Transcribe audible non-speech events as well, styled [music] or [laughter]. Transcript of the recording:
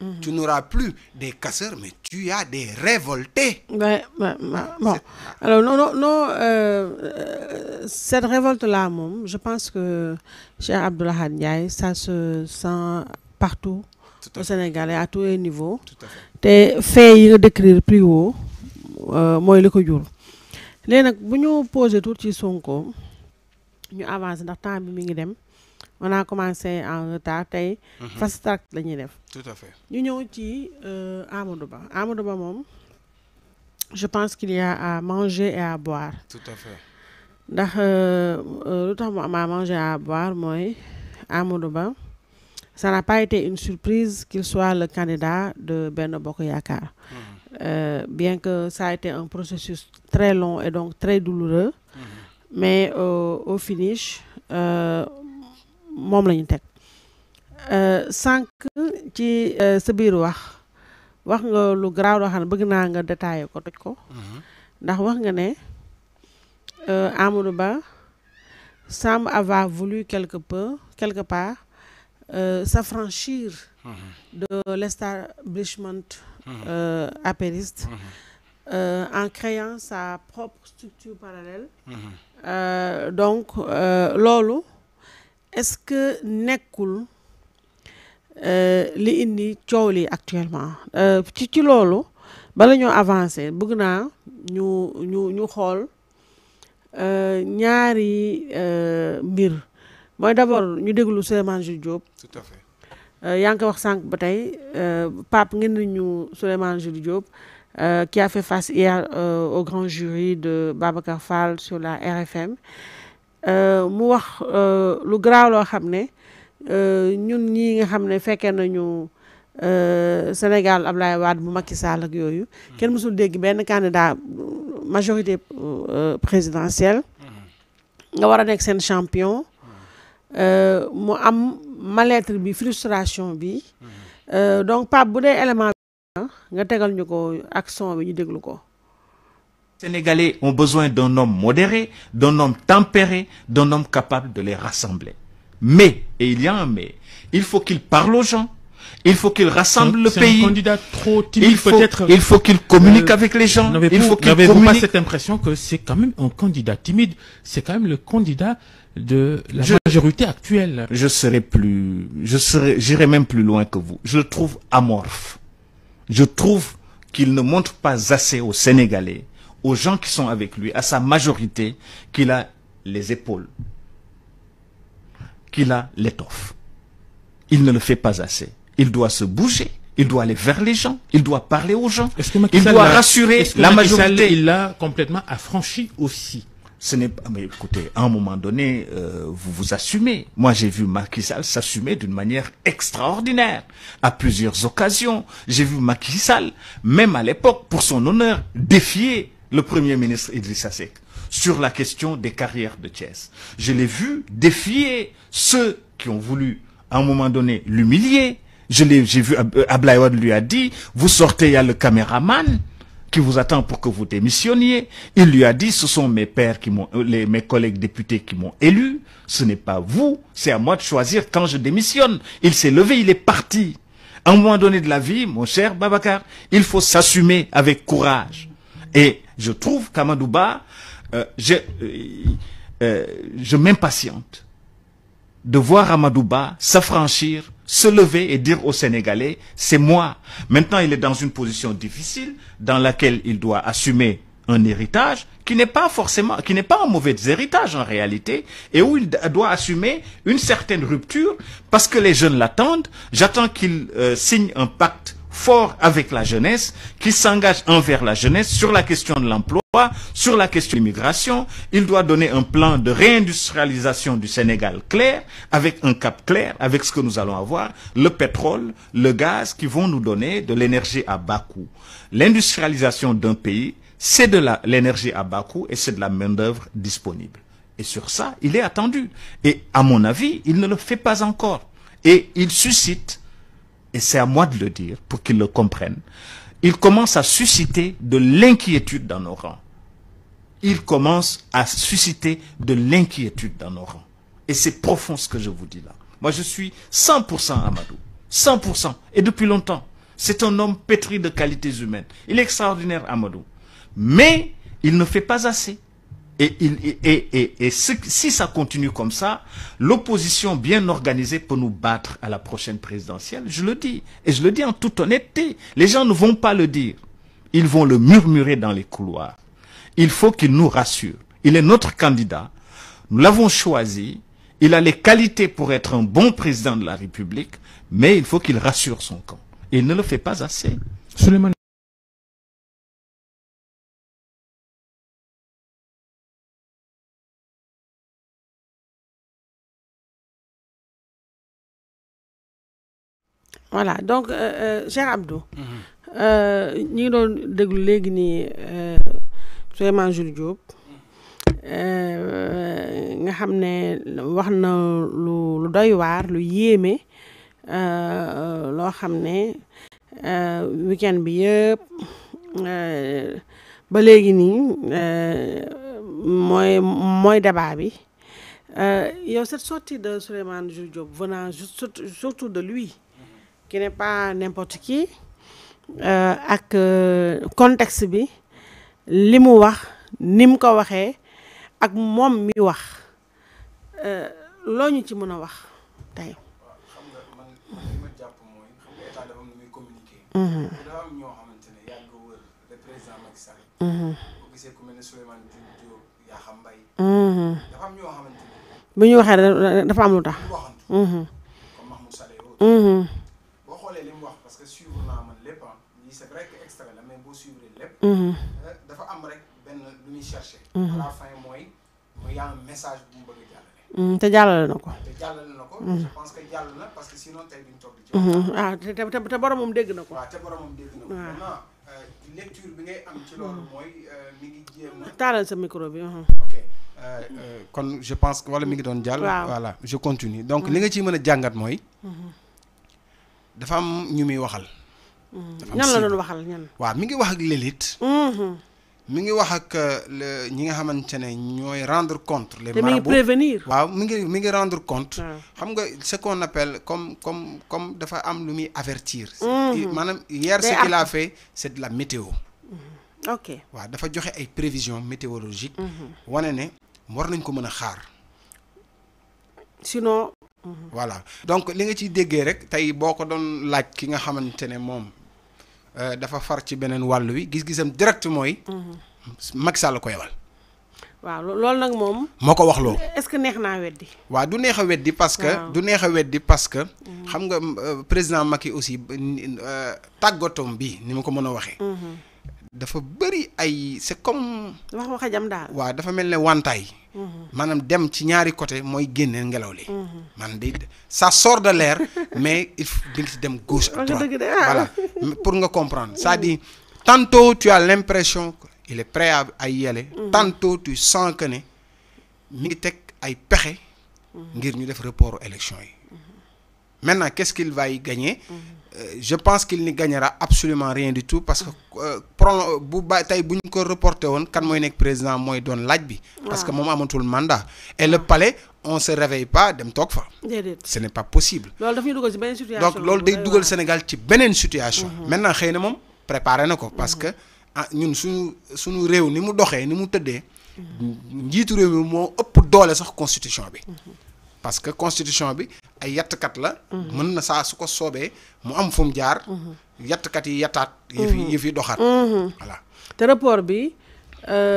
Mmh. Tu n'auras plus des casseurs, mais tu as des révoltés. Ouais, bon. Alors, non, non, non euh, euh cette révolte-là, je pense que cher Abdullah Ndiaye, ça se sent partout au Sénégal et à tous les niveaux. à fait yi nga décrire plus haut euh, moi li ko jur. léegi nag bu ñu tout ce ci Sonko ñu avancé ndax temps bi mi on a commencé en retard et mhm. fast track lañu def. tout à fait ñu ñëw ci euh, Amadou Ba Amadou Ba je pense qu'il y a à manger et à boire. tout à fait. ndax euh, euh lutax mu à manger et à boire moy Amadou Ba ça n'a pas été une surprise qu'il soit le candidat de Benno Bokk mhm. euh, bien que ça a été un processus très long et donc très douloureux. Mhm. mais au finish mom lañu tek euh sank ci euh, sa biir wax wax nga lu garaaw loo xane ne bëgg naa nga détaillé ko toj ko mhm. ndax wax nga ne euh, Amadou Ba semble avoir voulu quelque peu quelque part euh, s'affranchir -hmm. de l'establishment mhm. euh, apériste mhm. euh, en créant sa propre structure parallèle. Mm -hmm. donc, euh, Lolo, est-ce que Nekul euh, li indi coow actuellement actuellement euh, ci ci lolu bala avancer bëgg naa ñu ñu ñu euh ñaari euh, mbir moy d'abord ñu déglu Souleymane Jules Diop. tout à fait. euh ngi wax sank ba euh pap ngeen ñu Souleymane Jules Diop. qui a fait face hier au grand jury de Babacar Fall sur la RFM. Euh, mu wax euh, lu graaw loo xam ne euh, ñun ñii nga xam ne fekkee nañu Sénégal Ablaye Wade bu Macky Sall ak yooyu kenn mësul dégg benn candidat majorité présidentielle mmh. nga war a nekk seen champion mu am malêtre bi frustration bi mmh. donc Pape bu dee élément nga tegal ñu ko ak bi ñu déglu ko Sénégalais ont besoin d'un homme modéré, d'un homme tempéré, d'un homme capable de les rassembler. Mais, et il y a un mais, il faut qu'il parle aux gens, il faut qu'il rassemble le pays. Un candidat trop timide être Il faut qu'il communique euh, avec les gens. Il faut qu'il pas cette impression que c'est quand même un candidat timide, c'est quand même le candidat de la majorité actuelle. Je serai plus, je serai, j'irai même plus loin que vous. Je le trouve amorphe. Je trouve qu'il ne montre pas assez aux Sénégalais aux gens qui sont avec lui, à sa majorité, qu'il a les épaules, qu'il a l'étoffe. Il ne le fait pas assez. Il doit se bouger. Il doit aller vers les gens, il doit parler aux gens, il doit rassurer la majorité. il l'a complètement affranchi aussi ce n'est pas... Mais écoutez, à un moment donné, euh, vous vous assumez. Moi, j'ai vu Macky s'assumer d'une manière extraordinaire. À plusieurs occasions, j'ai vu Macky même à l'époque, pour son honneur, défier le Premier ministre Idrissa Seck sur la question des carrières de Thiès. Je l'ai vu défier ceux qui ont voulu, à un moment donné, l'humilier. Je l'ai, j'ai vu, Ablaïwad lui a dit, vous sortez, il y a le caméraman qui vous attend pour que vous démissionniez. Il lui a dit, ce sont mes pères qui m'ont, euh, mes collègues députés qui m'ont élu. Ce n'est pas vous. C'est à moi de choisir quand je démissionne. Il s'est levé, il est parti. À un moment donné de la vie, mon cher Babacar, il faut s'assumer avec courage. Et je trouve qu'Amadouba, euh, euh, euh, je, m'impatiente de voir Amadouba s'affranchir, se lever et dire aux Sénégalais, c'est moi. Maintenant, il est dans une position difficile dans laquelle il doit assumer un héritage qui n'est pas forcément, qui n'est pas un mauvais héritage en réalité, et où il doit assumer une certaine rupture parce que les jeunes l'attendent. J'attends qu'il signe un pacte fort avec la jeunesse, qui s'engage envers la jeunesse sur la question de l'emploi, sur la question de l'immigration. Il doit donner un plan de réindustrialisation du Sénégal clair, avec un cap clair, avec ce que nous allons avoir, le pétrole, le gaz qui vont nous donner de l'énergie à bas coût. L'industrialisation d'un pays, c'est de l'énergie à bas coût et c'est de la main-d'œuvre disponible. Et sur ça, il est attendu. Et à mon avis, il ne le fait pas encore. Et il suscite et c'est à moi de le dire pour qu'ils le comprennent, il commence à susciter de l'inquiétude dans nos rangs. Il commence à susciter de l'inquiétude dans nos rangs. Et c'est profond ce que je vous dis là. Moi, je suis 100% Amadou. 100%. Et depuis longtemps. C'est un homme pétri de qualités humaines. Il est extraordinaire, Amadou. Mais il ne fait pas assez. Et, si ça continue comme ça, l'opposition bien organisée peut nous battre à la prochaine présidentielle, je le dis. Et je le dis en toute honnêteté. Les gens ne vont pas le dire. Ils vont le murmurer dans les couloirs. Il faut qu'il nous rassure. Il est notre candidat. Nous l'avons choisi. Il a les qualités pour être un bon président de la République, mais il faut qu'il rassure son camp. Il ne le fait pas assez. voilà donc euh, euh, cher Abdou. Mhm. Euh, ñi ngi doon déglu léegi nii Souleymane Jules Diop. nga xam ne lu lu doy lu ba débat bi yow cette sortie de Souleymane Jules venant surtout de lui qui n'est pas n'importe qui euh, ak euh, context bi li mu wax ni mu ko waxee ak moom mi wax euh, loo ñu ci mën a wax tey. dafa am ñoo xamante ne yàgg bu ñu waxee dafa am xoolee li mu wax parce que suivre naa man lépp ah lii c'est vrai que extra la mais boo suivre lépp. Mhm. Euh, dafa am rek benn lu ñuy chercher. Mhm. à la fin mooy mu yaa un message bu mu bëgg jàllale. Mhm, te jàllale na ko. te jàllale na ko. je pense que jàll na parce que sinon tey duñ toog di ci. ah te te te boromam dégg na ko. waaw te boromam dégg na ko. maintenant euh, lecture bi ngay am ci loolu mooy euh, mi ngi jéem a. taalal sa micro bi. Euh, ok kon je pense que wala mi ngi doon jàll. voilà je continue donc li nga ciy mën a jàngat mooy dafa am ñu muy waxal. ñan la doon waxal ñan. waaw mi ngi wax ak l'élite. Mm-hmm. mi ngi wax ak euh, ñi nga xamante ne ñooy rendre compte. les marabouts te mi ngi prévenir. waaw mi ngi mi ngi rendre compte. Ah. xam nga ce qu'on appelle comme comme comme dafa am lu muy avertir. Mm-hmm. maanaam hier ce qu'il a fait c'est de la météo. Mm-hmm. ok waaw dafa joxe ay prévisions météorologiques. wane ne war nañ ko mën a xaar. sinon Mm-hmm. voilà donc li nga ciy déggee rek tey boo ko doon laaj ki nga xamante ne moom euh, dafa far ci beneen wàll wi gis-gisam direct mooy. Mm-hmm. Macky Sall ko yebal. waaw loolu nag moom. moo ko wax loolu. est-ce que neex naa weddi. waaw du neex a weddi parce que. du neex a weddi parce que. Mm-hmm. xam nga euh, président Macky aussi euh, tàggatoom bi ni ma ko mën a waxee. dafa bëri ay c'est comme. wax waxa jam daal. waaw dafa mel ne wantaay. Mhm. maanaam dem ci ñaari côté mooy génne ngelaw li. Mhm. man day ça sort de l'air [laughs] mais il faut di nga ci dem gauche à droite ah. voilà pour nga comprendre [laughs] c'est-à-dire tantôt tu as l'impression il est prêt à y aller. Mhm. tantôt tu sens que ne mi ngi teg ay pexe. ngir ñu def report élection yi. maintenant qu'est-ce qu'il va y gagner. Euh, je pense qu'il ne gagnera absolument rien du tout parce que euh, euh, bu tay buñ ko reporté won kan moy nek président moy don laaj bi. parce que mom amatul mandat. et le palais on se réveille pas dem tok fa. ce n'est pas possible. loolu daf ñu ci benen situation. donc l'ol day duggal Sénégal ci benen situation. Mhm. maintenant xeyna mom moom préparé na parce mhm. que ah, ñun suñu suñu réew ni mu doxé ni mu tëddee. Mhm. njiitu réew mi moo ëpp doole sax constitution bi. parce que constitution bi ay yattkat la. mën na saa su ko soobee mu am fu jaar. yattkat yi yattaat. yi mm-hmm. yëf yi doxaat. Mm-hmm. te rapport bi. Euh,